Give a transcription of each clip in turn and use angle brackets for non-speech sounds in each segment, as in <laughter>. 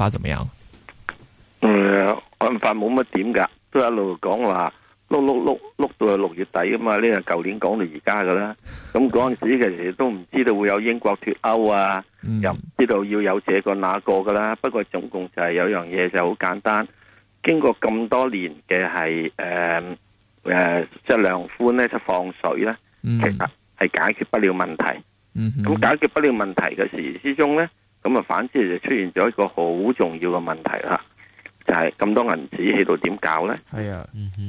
發怎麼樣？嗯，按法冇乜點噶，都一路講話碌碌碌碌到六月底啊嘛，呢個舊年講到而家噶啦。咁嗰陣時其實都唔知道會有英國脱歐啊，又唔知道要有這個那個噶啦。不過總共就係有樣嘢就好簡單，經過咁多年嘅係誒誒，即係量寬咧，即係放水咧，其實係解決不了問題。嗯，咁解決不了問題嘅時之中咧。咁啊，反之就出現咗一個好重要嘅問題啦，就係咁多銀紙喺度點搞咧？係啊，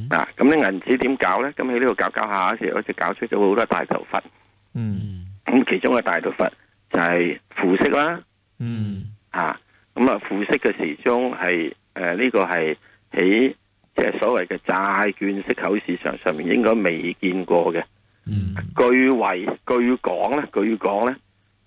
啊咁啲銀紙點搞咧？咁喺呢度搞搞下，其實好似搞出咗好多大頭佛。嗯，咁其中嘅大頭佛就係負息啦。嗯啊，咁啊負息嘅時鐘係誒呢個係喺即係所謂嘅債券息口市場上面應該未見過嘅。嗯，據為據講咧，據講咧，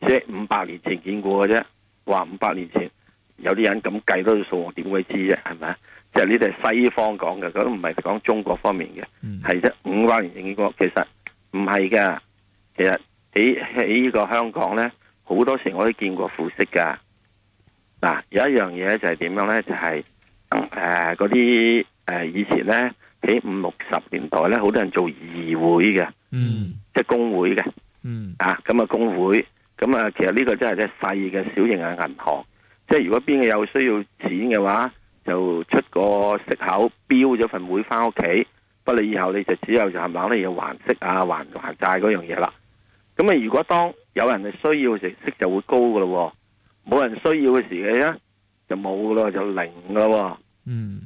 即係五百年前見過嘅啫。話五百年前有啲人咁計多啲數，我點會知啫？係咪啊？即係呢啲係西方講嘅，佢都唔係講中國方面嘅，係、嗯、啫。五百年前呢個其實唔係噶，其實喺喺呢個香港咧，好多時我都見過腐蝕噶。嗱、啊，有一樣嘢就係點樣咧？就係誒嗰啲誒以前咧喺五六十年代咧，好多人做議會嘅，嗯，即係工會嘅，嗯啊咁啊工會。咁、嗯、啊，其實呢個真係啲細嘅小型嘅銀行，即係如果邊個有需要錢嘅話，就出個息口，標咗份會返屋企。不過你以後你就只有係咪啊？你要還息啊，還還債嗰樣嘢啦。咁啊，如果當有人係需要嘅時息就會高噶咯、哦，冇人需要嘅時咧就冇噶咯，就零噶、哦。嗯，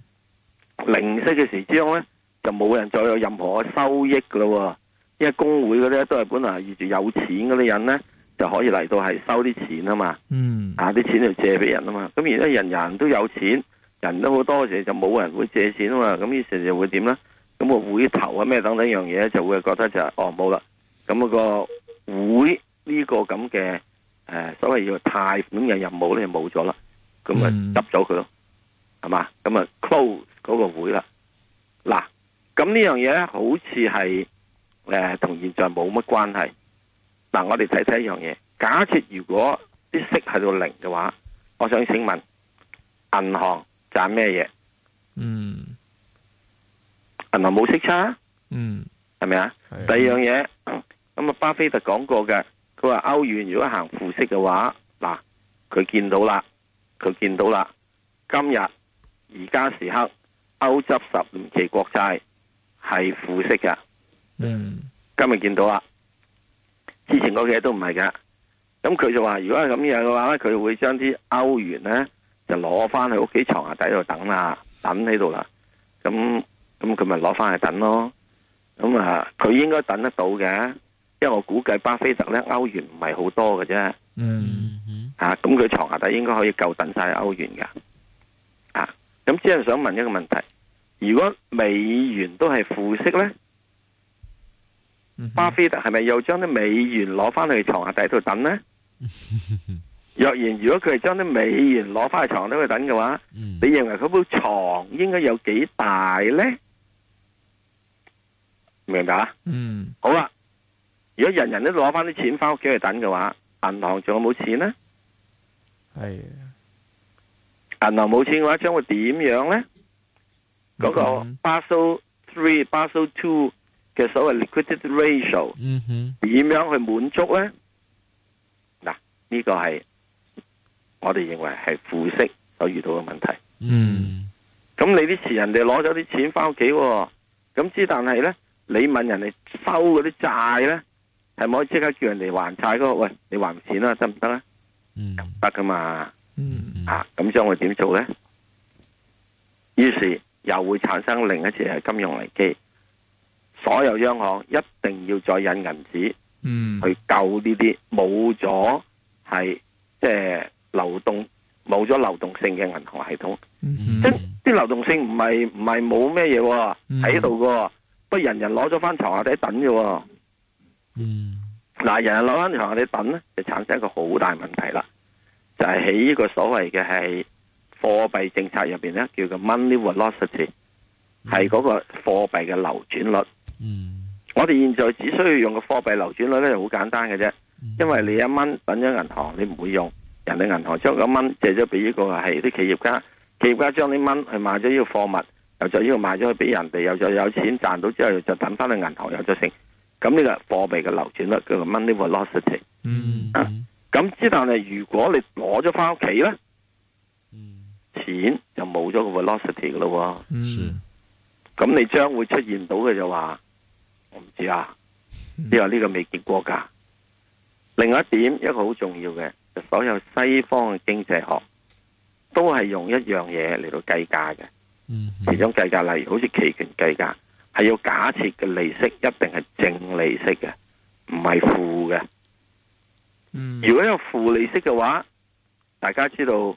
零息嘅時之後咧就冇人再有任何嘅收益噶咯、哦。因為工會嗰啲都係本來預住有錢嗰啲人咧。就可以嚟到係收啲錢嘛、mm. 啊，錢嘛，啊啲錢就借俾人啊嘛，咁而家人人都有錢，人都好多嘅時就冇人會借錢啊嘛，咁於是就會點咧？咁個會頭啊咩等等樣嘢，就會覺得就係、是、哦冇啦，咁、那個會呢個咁嘅誒所謂要貸款嘅任務咧冇咗啦，咁咪執咗佢咯，係、mm. 嘛？咁啊 close 嗰個會啦，嗱，咁呢樣嘢咧好似係誒同現在冇乜關係。嗱，我哋睇睇一樣嘢。假設如果啲息喺到零嘅話，我想請問銀行賺咩嘢？嗯，銀行冇息差。嗯，係咪啊？第二樣嘢，咁啊巴菲特講過嘅，佢話歐元如果行負息嘅話，嗱，佢見到啦，佢見到啦，今日而家時刻歐洲十年期國債係負息㗎。嗯，今日見到啦。之前嗰幾日都唔係㗎，咁佢就話如果係咁樣嘅話咧，佢會將啲歐元咧就攞翻去屋企床下底度等啦，等喺度啦，咁咁佢咪攞翻去等咯，咁啊佢應該等得到嘅，因為我估計巴菲特咧歐元唔係好多嘅啫，嗯、mm-hmm. 啊，吓咁佢床下底應該可以夠等晒歐元噶，啊，咁只係想問一個問題，如果美元都係負息咧？Mm -hmm. 巴菲特係咪又將啲美元攞翻去床下底度等呢？ <laughs> 若然如果佢係將啲美元攞翻去床底去等嘅話，mm -hmm. 你認為佢鋪床應該有幾大咧？明白啦。嗯、mm -hmm.，好啦。如果人人都攞翻啲錢翻屋企去等嘅話，銀行仲有冇錢呢？係 <laughs> 。銀行冇錢嘅話，將會點樣咧？嗰、mm -hmm. 個。Basel three、Basel two。嘅所謂 liquid ratio 點、mm -hmm. 樣去滿足咧？嗱，呢個係我哋認為係負息所遇到嘅問題。嗯、mm -hmm. 哦，咁你啲錢人哋攞咗啲錢翻屋企，咁之但係咧，你問人哋收嗰啲債咧，係咪可以即刻叫人哋還債嗰個？喂，你還錢啦、啊，得唔得咧？嗯，得噶嘛？嗯、mm -hmm. 啊，咁將會點做咧？於是又會產生另一次係金融危機。所有央行一定要再引銀紙，嗯，去救呢啲冇咗係即係流動冇咗流動性嘅銀行系統。Mm -hmm. 即係啲流動性唔係唔係冇咩嘢喺度嘅，不、哦 mm -hmm. 哦、人人攞咗翻床下底等嘅、哦。嗯，嗱，人人攞翻床下底等咧，就產生一個好大問題啦。就係喺呢個所謂嘅係貨幣政策入邊咧，叫做 money velocity，係嗰個貨幣嘅流轉率。Mm -hmm. 嗯，我哋現在只需要用個貨幣流轉率咧，就好簡單嘅啫、嗯。因為你一蚊揾咗銀行，你唔會用人哋銀行將個蚊借咗俾呢個係啲企業家、嗯，企業家將啲蚊去買咗呢個貨物，又再呢個賣咗去俾人哋，又再有錢賺到之後就等翻去銀行，又再等到有成。咁呢個貨幣嘅流轉率叫做 money velocity。嗯咁之、啊嗯、但係如果你攞咗翻屋企咧，嗯，錢就冇咗個 velocity 咯。嗯，咁你將會出現到嘅就話。我唔知啊，因為呢個未結過噶。另外一點，一個好重要嘅，就所有西方嘅經濟學都係用一樣嘢嚟到計價嘅。其中計價例如好似期權計價，係要假設嘅利息一定係正利息嘅，唔係負嘅。如果有負利息嘅話，大家知道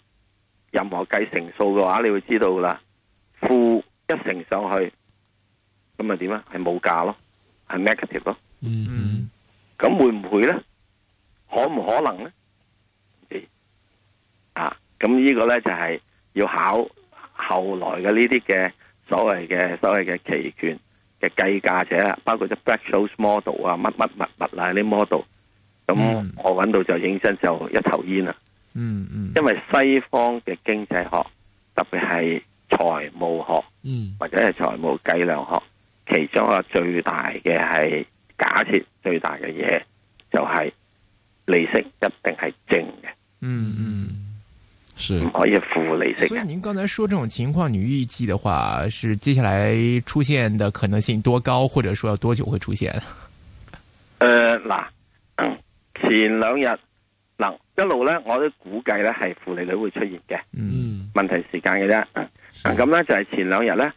任何計成數嘅話，你會知道啦。負一成上去咁咪點啊？係冇價咯。係 negative 咯，嗯，咁、嗯、會唔會咧？可唔可能咧？誒、哎，啊，咁呢個咧就係、是、要考後來嘅呢啲嘅所謂嘅所謂嘅期權嘅計價者，包括啲 Black Scholes model 啊，乜乜物物啊啲 model，咁我搵、嗯、到就影身就一頭煙啦，嗯嗯，因為西方嘅經濟學，特別係財務學，嗯，或者係財務計量學。其中啊最大嘅係假設最大嘅嘢，就係利息一定係正嘅。嗯嗯，是唔可以負利息。所以您剛才說這種情況，你預計嘅話是接下來出現的可能性多高，或者說要多久會出現？誒、呃，嗱，前兩日嗱一路咧，我都估計咧係負利率會出現嘅。嗯，問題時間嘅啫。啊，咁、嗯、咧就係前兩日咧。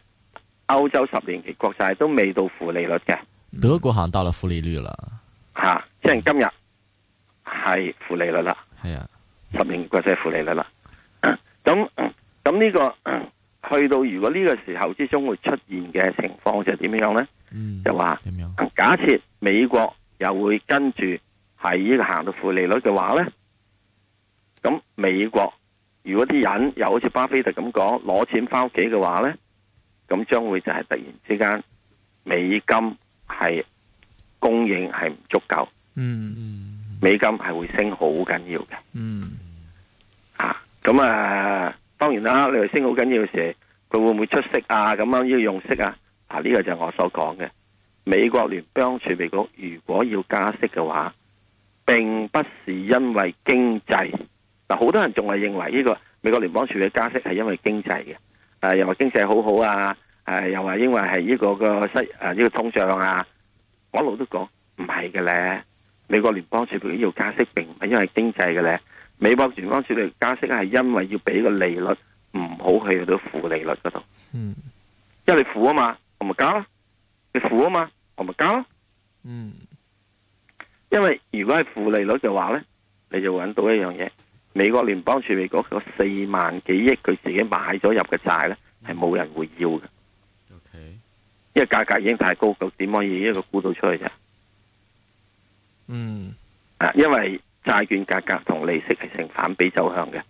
歐洲十年期國債都未到負利率嘅，德國行到了負利率了吓、啊，即係今日係負利率啦，係、嗯、啊，十年國債負利率啦。咁咁呢個、嗯、去到如果呢個時候之中會出現嘅情況就係點樣咧？嗯，就話點樣。假設美國又會跟住係呢個行到負利率嘅話咧，咁美國如果啲人又好似巴菲特咁講攞錢翻屋企嘅話咧？咁將會就係突然之間，美金係供應係唔足夠、嗯，嗯，美金係會升好緊要嘅，嗯，啊，咁啊，當然啦、啊，你話升好緊要嘅時，佢會唔會出息啊？咁樣、啊、要用息啊？啊，呢、這個就係我所講嘅，美國聯邦儲備局如果要加息嘅話，並不是因為經濟，嗱、啊，好多人仲係認為呢、這個美國聯邦儲備的加息係因為經濟嘅。誒、啊，又話經濟好好啊，誒、啊，又話因為係呢、這個、這個失誒呢個通脹啊，我一路都講唔係嘅咧。美國聯邦儲備要加息，並唔係因為經濟嘅咧。美國聯邦儲備加息係因為要俾個利率唔好去到負利率嗰度。嗯，因為你負啊嘛，我咪加咯。你負啊嘛，我咪加咯。嗯，因為如果係負利率嘅話咧，你就揾到一樣嘢。美國聯邦儲備嗰個四萬幾億佢自己買咗入嘅債咧，係冇人會要嘅。因為價格已經太高，咁點可以一個沽到出去啫？嗯，啊，因為債券價格同利息係成反比走向嘅。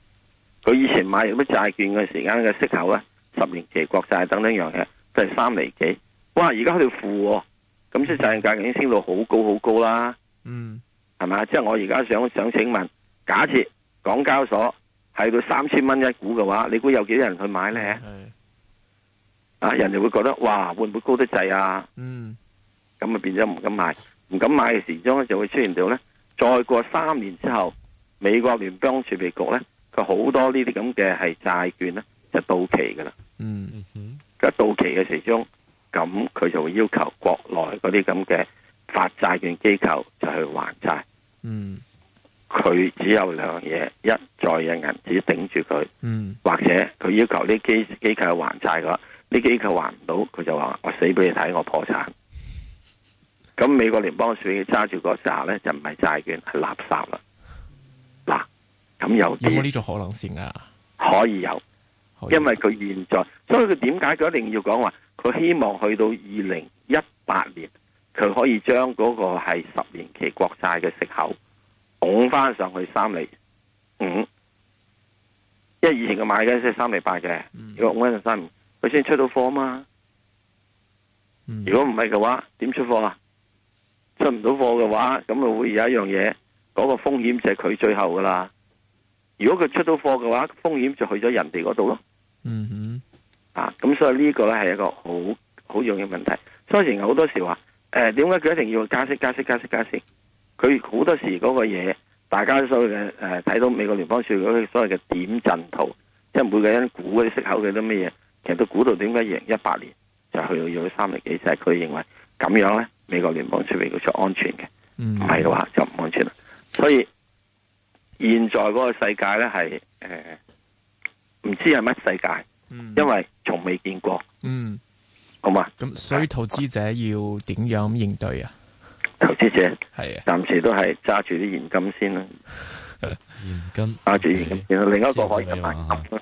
佢以前買嗰啲債券嘅時間嘅息口咧，十年期國債等等樣嘅都係三厘幾。哇！而家佢哋負，咁即係債券價已經升到好高好高啦。嗯，係咪啊？即係我而家想想請問，假設。港交所係佢三千蚊一股嘅話，你估有幾多人去買咧？啊，人哋會覺得哇，會唔會高得滯啊？嗯，咁啊變咗唔敢買，唔敢買嘅時鐘就會出現到咧。再過三年之後，美國聯邦儲備局咧，佢好多呢啲咁嘅係債券咧，就到期噶啦。嗯嗯，到期嘅時鐘，咁佢就會要求國內嗰啲咁嘅發債券機構就去還債。嗯。佢只有兩樣嘢，一再嘅銀紙頂住佢，嗯，或者佢要求呢機機構還債嘅話，呢機構還唔到，佢就話我死俾你睇，我破產。咁美國聯邦儲備揸住嗰扎咧，就唔係債券，係垃圾啦。嗱、啊，咁有有冇呢種可能性啊？可以有，以因為佢現在，所以佢點解佢一定要講話？佢希望去到二零一八年，佢可以將嗰個係十年期國債嘅息口。拱翻上去三厘五、嗯，因為以前佢買嘅即係三厘八嘅、嗯，如果拱翻到三厘，佢先出到貨嘛、嗯。如果唔係嘅話，點出貨啊？出唔到貨嘅話，咁咪會有一樣嘢，嗰、那個風險就係佢最後噶啦。如果佢出到貨嘅話，風險就去咗人哋嗰度咯。嗯,嗯啊，咁所以呢個咧係一個好好重嘅問題。所以成好多時話，誒、呃，點解佢一定要加息、加息、加息、加息？佢好多時嗰個嘢，大家所謂嘅誒，睇、呃、到美國聯邦儲備嗰啲所謂嘅點陣圖，即係每個人估嗰啲息口嘅都乜嘢，其實都估到點解二零一八年就去到要三零幾，就佢認為咁樣咧，美國聯邦儲備佢最安全嘅，唔係嘅話就唔安全啦。所以現在嗰個世界咧係誒，唔、呃、知係乜世界，嗯、因為從未見過。嗯，好嘛，咁、嗯、所以投資者要點樣應對啊？投資者係啊，暫時都係揸住啲現金先啦，現金揸住現金，現金 okay，然後另一個可以買金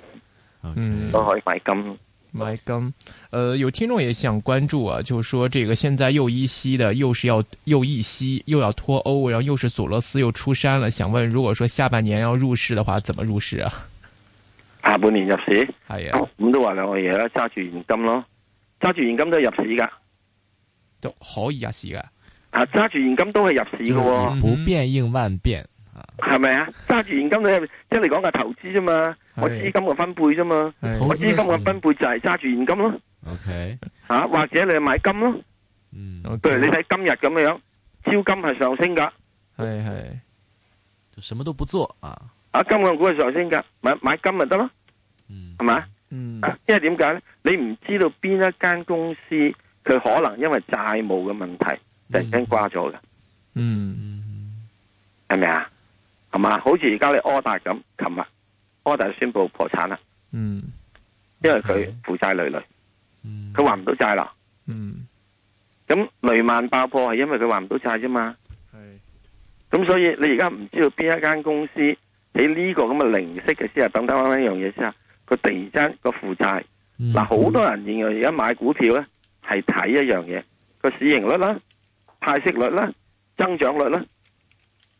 嗯、okay。都可以買金，買金。誒、呃，有聽眾也想關注啊，就是、說這個現在又議息的，又是要又議息，又要脫歐，然後又是索羅斯又出山了。想問，如果說下半年要入市的話，怎麼入市啊？下半年入市係啊，咁、 <laughs> oh, 都話兩個嘢啦，揸住現，現金咯，揸住現金都入市噶，都可以入市噶。啊！揸住現金都係入市嘅，哦，不變應萬變是不是啊，係咪啊？揸住現金你即係你講嘅投資啫嘛， <laughs> 我資金嘅分配啫嘛， <laughs> 我資金嘅分配就係揸住現金咯。OK， <laughs> 吓、啊、或者你買金咯。嗯、 <laughs> 啊，對， <laughs> 譬如你睇今日咁樣樣，招 <laughs> 金係上升噶，係 <laughs> 係、啊，就什麼都不做啊！啊，金嘅股係上升噶，買買金咪得咯。嗯 <laughs> 是、啊，係嘛？嗯，因為點解咧？你唔知道邊一間公司佢可能因為債務嘅問題。突然間掛咗嘅，嗯，係咪啊？係嘛？好似而家你柯達咁，琴日柯達宣布破產啦，嗯，因為佢負債累累，佢、嗯、還唔到債啦，嗯，咁雷曼爆破係因為佢還唔到債啫嘛，係，咁所以你而家唔知道邊一間公司喺呢個咁嘅零息嘅先啊，等等翻呢樣嘢先啊，佢突然間個負債，嗱，好、嗯、多人認為而家買股票咧係睇一樣嘢，個市盈率啦。派息率咧，增長率咧，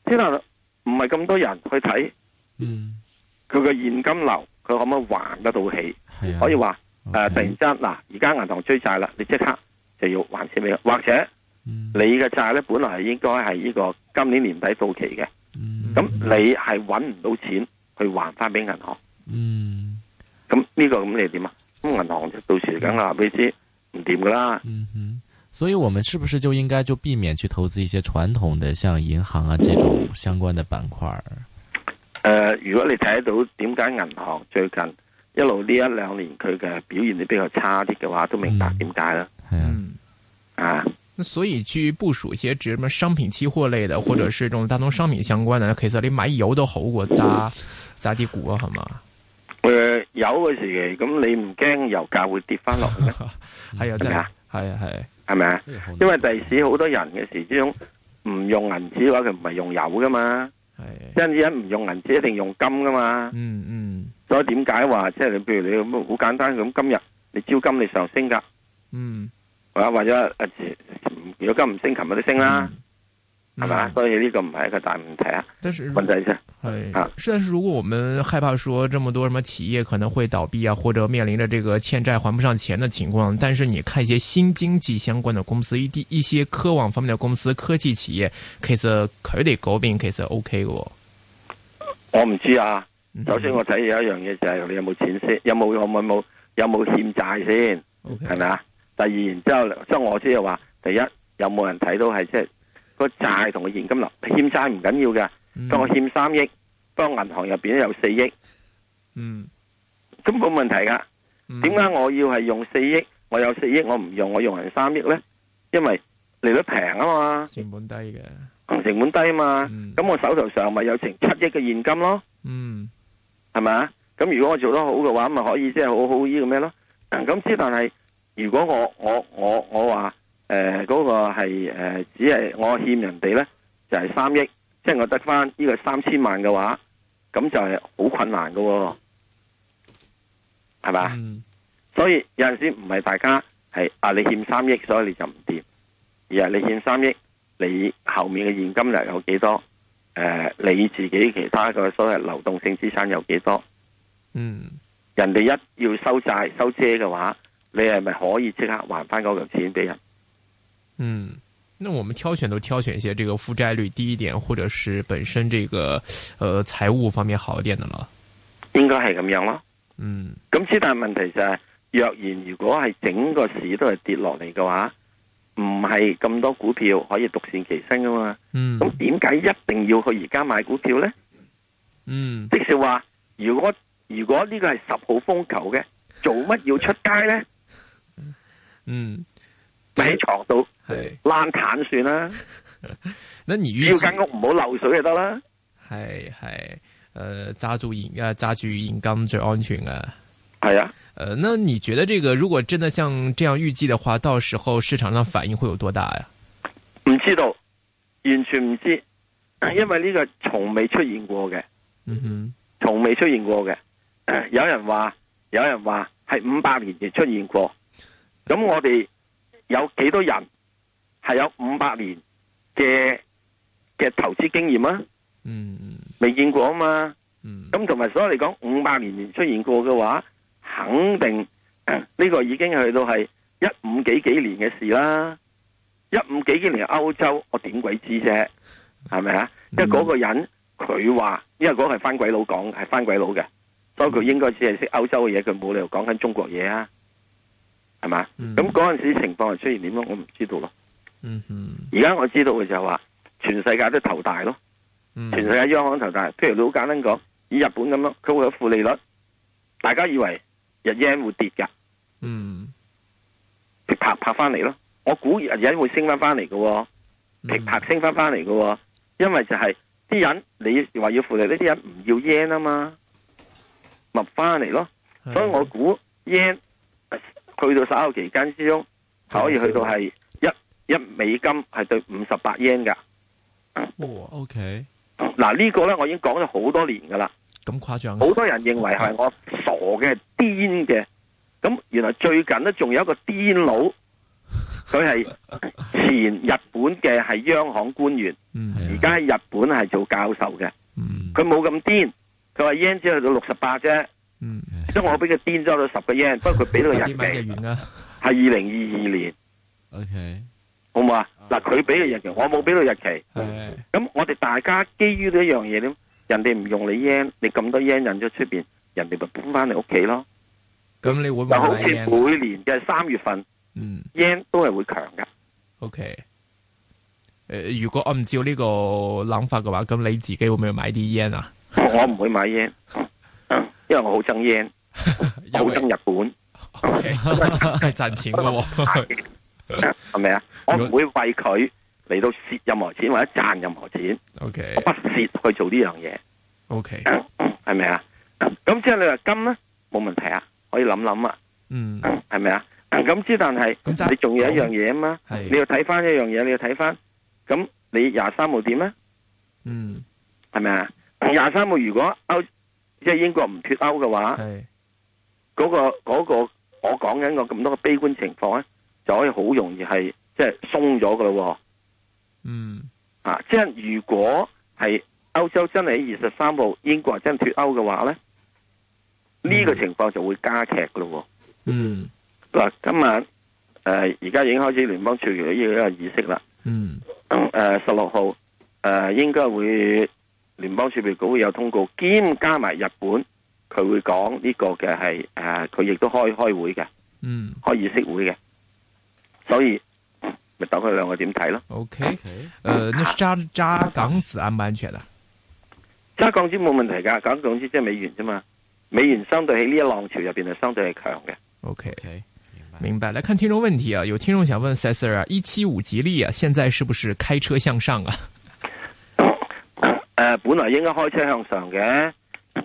即係唔係咁多人去睇，嗯，佢個現金流，佢可唔可以還得到起、啊？可以話誒、okay. 呃，突然之間嗱，而、啊、家銀行追債啦，你即刻就要還錢俾佢，或者、嗯、你嘅債咧本來係應該係呢個今年年底到期嘅，咁、嗯、你係搵唔到錢去還翻俾銀行，嗯，咁呢個咁你點啊？咁銀行就到時嚟緊話俾你知唔掂噶啦。嗯嗯所以，我們是不是就應該就避免去投資一些傳統的，像銀行啊這種相關的板塊？誒、呃，如果你睇到點解銀行最近一路呢一兩年佢嘅表現啲比較差啲嘅話，都明白點解啦。係、嗯、啊、嗯，啊，那所以去部署一些指什麼商品期貨類的，或者是這種大宗商品相關的，其實你買油都好過揸揸啲股、啊，好嗎？誒、呃，油嘅時期，咁你唔驚油價會跌翻落嘅咩？係 <laughs> 啊，真係啊，係啊，係咪啊？因為第時好多人嘅時候，呢種唔用銀紙嘅話，佢唔係用油噶嘛。係，因陣時唔用銀紙一定用金噶嘛。嗯嗯。所以點解話即係你？譬如你好簡單咁，今日你招金你上升噶。嗯。或者或者、啊，如果金唔升，琴日都升啦。嗯係嘛，所以呢個唔係一個大問題啊。問題啫，係啊。但是如果我們害怕說，這麼多什麼企業可能會倒閉啊，或者面臨着這個欠債還不上錢的情況，但是你看一些新經濟相關的公司，一啲一些科網方面的公司、科技企業，其實佢哋嗰邊其實 OK 嘅。我唔知啊，首先我睇有一樣嘢就係你有冇錢先，有冇，有冇，有冇，有冇欠債先，係咪啊？第二，然之後即係我先又話，第一有冇人睇到係即係。個債同個現金流欠債唔緊要噶，當我欠三億，當銀行入邊有四億，嗯，咁冇、嗯、問題噶。點、嗯、解我要係用四億？我有四億，我唔用，我用係三億咧？因為利率平啊嘛，成本低嘅，成本低啊嘛，咁、嗯、我手頭上咪有成七億嘅現金咯，嗯，係嘛？咁如果我做得好嘅話，咪可以即係、就是、好好依個咩咯？咁即但係，如果我我我我話。我誒、呃，嗰、那個係誒、呃，只係我欠人哋咧，就係三億，即係我得翻呢個三千萬嘅話，咁就係好困難嘅、哦，係嘛、嗯？所以有陣時唔係大家係啊，你欠三億，所以你就唔掂，而係你欠三億，你後面嘅現金量有幾多？誒、呃，你自己其他嘅所謂流動性資產有幾多？嗯，人哋一要收債收車嘅話，你係咪可以即刻還翻嗰嚿錢俾人？嗯，那我們挑選都挑選一些這個負債率低一點，或者是本身這個，呃，財務方面好一點的咯。應該係咁樣咯。嗯，咁之但問題就係，若然如果係整個市都係跌落嚟嘅話，唔係咁多股票可以獨善其身噶嘛。嗯，咁點解一定要去而家買股票呢？嗯，即是話，如果如果呢個係十號風球嘅，做乜要出街呢？嗯。喺床度，爛鏟算啦。 <laughs> 那而要間屋唔好漏水就得啦。係係，誒，揸、呃、住現啊，揸住現金最安全啊，係啊，誒、呃，那你覺得這個如果真的像這樣預計的話，到時候市場上反應會有多大呀？啊，唔知道，完全唔知道，因為呢個從未出現過嘅，嗯哼，從未出現過嘅，呃。有人話，有人話係五百年前出現過，咁我哋。有幾多人係有五百年嘅嘅投資經驗啊？嗯，未見過啊嘛。嗯，咁同埋所以嚟講，五百年出現過嘅話，肯定呢、嗯這個已經去到係一五幾幾年嘅事啦。一五幾幾年歐洲，我點鬼知啫？係咪啊、嗯？因為嗰個人佢話，因為嗰個係翻鬼佬講，係翻鬼佬嘅，所以佢應該只係識歐洲嘅嘢，佢冇理由講緊中國嘢啊。係嘛？咁嗰陣時情況係出現點樣，我唔知道咯。嗯嗯，而家我知道嘅就係話，全世界都頭大咯，全世界央行頭大。譬如你好簡單講，以日本咁咯，佢會有負利率，大家以為日 yen 會跌噶，嗯，跌拍拍翻嚟咯。我估日 yen 會升翻翻嚟嘅，跌拍升翻翻嚟嘅，因為就係啲人你話要負利呢啲人唔要 yen 啊嘛，咪翻嚟咯。所以我估 yen。去到稍後期間之中，可以去到係一一美金係對五十八 yen 噶。哦，OK。嗱，呢個咧我已經講咗好多年噶啦。咁誇張？好多人認為係我傻嘅癲嘅。咁原來最近咧仲有一個癲佬，佢 <laughs> 係前日本嘅係央行官員，而家喺日本係做教授嘅。佢冇咁癲，佢話 yen 只去到六十八啫。即、嗯、我俾佢癲咗到十個 yen，不過佢俾到日期，係二零二二年。 <laughs> o、okay, K，好唔好啊？嗱、哦，佢俾嘅日期，嗯、我冇俾到日期。咁、嗯、我哋大家基於呢一樣嘢咧，人哋唔用你 yen，你咁多 yen 引咗出邊，人哋咪搬翻嚟屋企咯。咁你會，會買 yen 好似每年嘅三、就是、月份，yen、嗯、都係會強嘅。O K，誒，如果按照呢個諗法嘅話，咁你自己會唔會買啲 yen 啊？我唔會買 yen。 <laughs> 因為我好憎煙，好 <laughs> 憎日本，OK，係 <laughs> 賺 <laughs> 錢嘅喎，係咪啊？ <laughs> 是是我唔會為佢嚟到蝕任何錢或者賺任何錢，OK，我不屑去做、okay. 是是呢樣嘢，OK，係咪啊？咁即係你話金咧，冇問題啊，可以諗諗啊，嗯，係咪啊？咁之但係你仲有一樣嘢啊嘛、嗯，你要睇翻一樣嘢，你要睇翻，咁你廿三號點咧？嗯，係咪啊？廿三號如果歐即係英國唔脫歐嘅話，嗰、嗰個、嗰個我講緊個咁多嘅悲觀情況咧，就可以好容易係即係鬆咗噶咯。嗯，啊，即係如果係歐洲真係喺二十三號英國真係脫歐嘅話咧，呢、嗯呢個情況就會加劇噶咯。嗯，嗱，今晚誒而家已經開始聯邦儲備呢個議息啦。嗯，誒十六號誒應該會。聯邦儲備局會有通告，兼加埋日本，佢會講呢個嘅係誒，佢、呃、亦都開開會嘅，嗯，開議息會嘅，所以咪等佢兩個點睇咯。OK，誒，那揸揸港紙安唔安全啦、啊？揸港紙冇問題噶，港港紙即係美元啫嘛，美元相對喺呢一浪潮入邊係相對係強嘅。OK，OK，明白，明白。來看聽眾問題啊，有聽眾想問石 Sir 啊，一七五吉利啊，現在是不是開車向上啊？呃、本來應該開車向上嘅，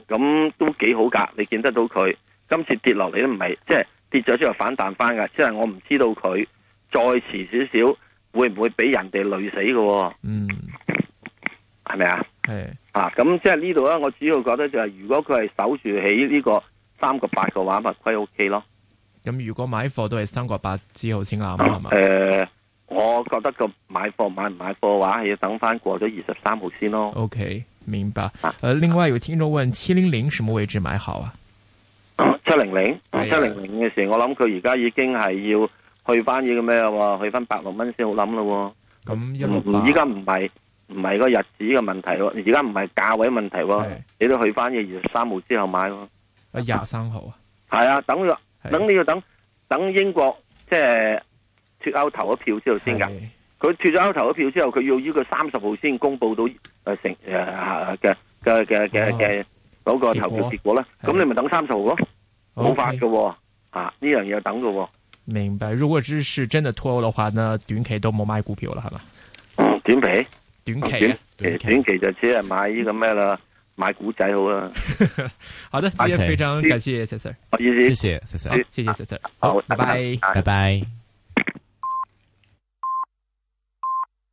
咁都幾好噶。你見得到佢今次跌落嚟都唔係，即係跌咗之後反彈翻噶。即係我唔知道佢再遲少少會唔會俾人哋累死喎、哦。嗯，係咪啊？係啊。咁即係呢度呢我主要覺得就係、是、如果佢係守住起呢個三個八嘅話，咪歸 O K 咯。咁如果買貨都係三個八之後先啱嘛？啊我覺得個買貨買唔買貨嘅話，係要等翻過咗二十三號先咯。OK，明白。誒、呃，另外有聽眾問七零零什麼位置買好啊？七零零七零零嘅時，我諗佢而家已經係要去翻呢個咩啊？去翻百六蚊先好諗咯。咁依家唔依家唔係唔係個日子嘅問題咯，而家唔係價位問題咯、哎，你都去翻嘅二十三號之後買咯。啊，廿三號啊？係、哎、啊，等等你、這、要、個、等等英國即係。脫歐投咗票之後先噶，佢脱咗歐投咗票之後，佢要呢個三十號先公布到誒、呃、成誒嘅嘅嘅嘅嘅個，個，個，個、哦、投票結果啦。咁、嗯、你咪等三十號咯，冇、哦、法噶吓呢樣嘢等噶、哦。明白。如果只是真的脱歐的話呢，呢短期都冇買股票啦，係嘛？短期？短期，短期，短，期短期就只係買呢個咩啦、嗯，買股仔好啦。 <laughs> 好的，今天非常感謝 Sir，謝謝 Sir，、啊啊、謝謝 Sir，好拜拜，拜拜。啊啊拜拜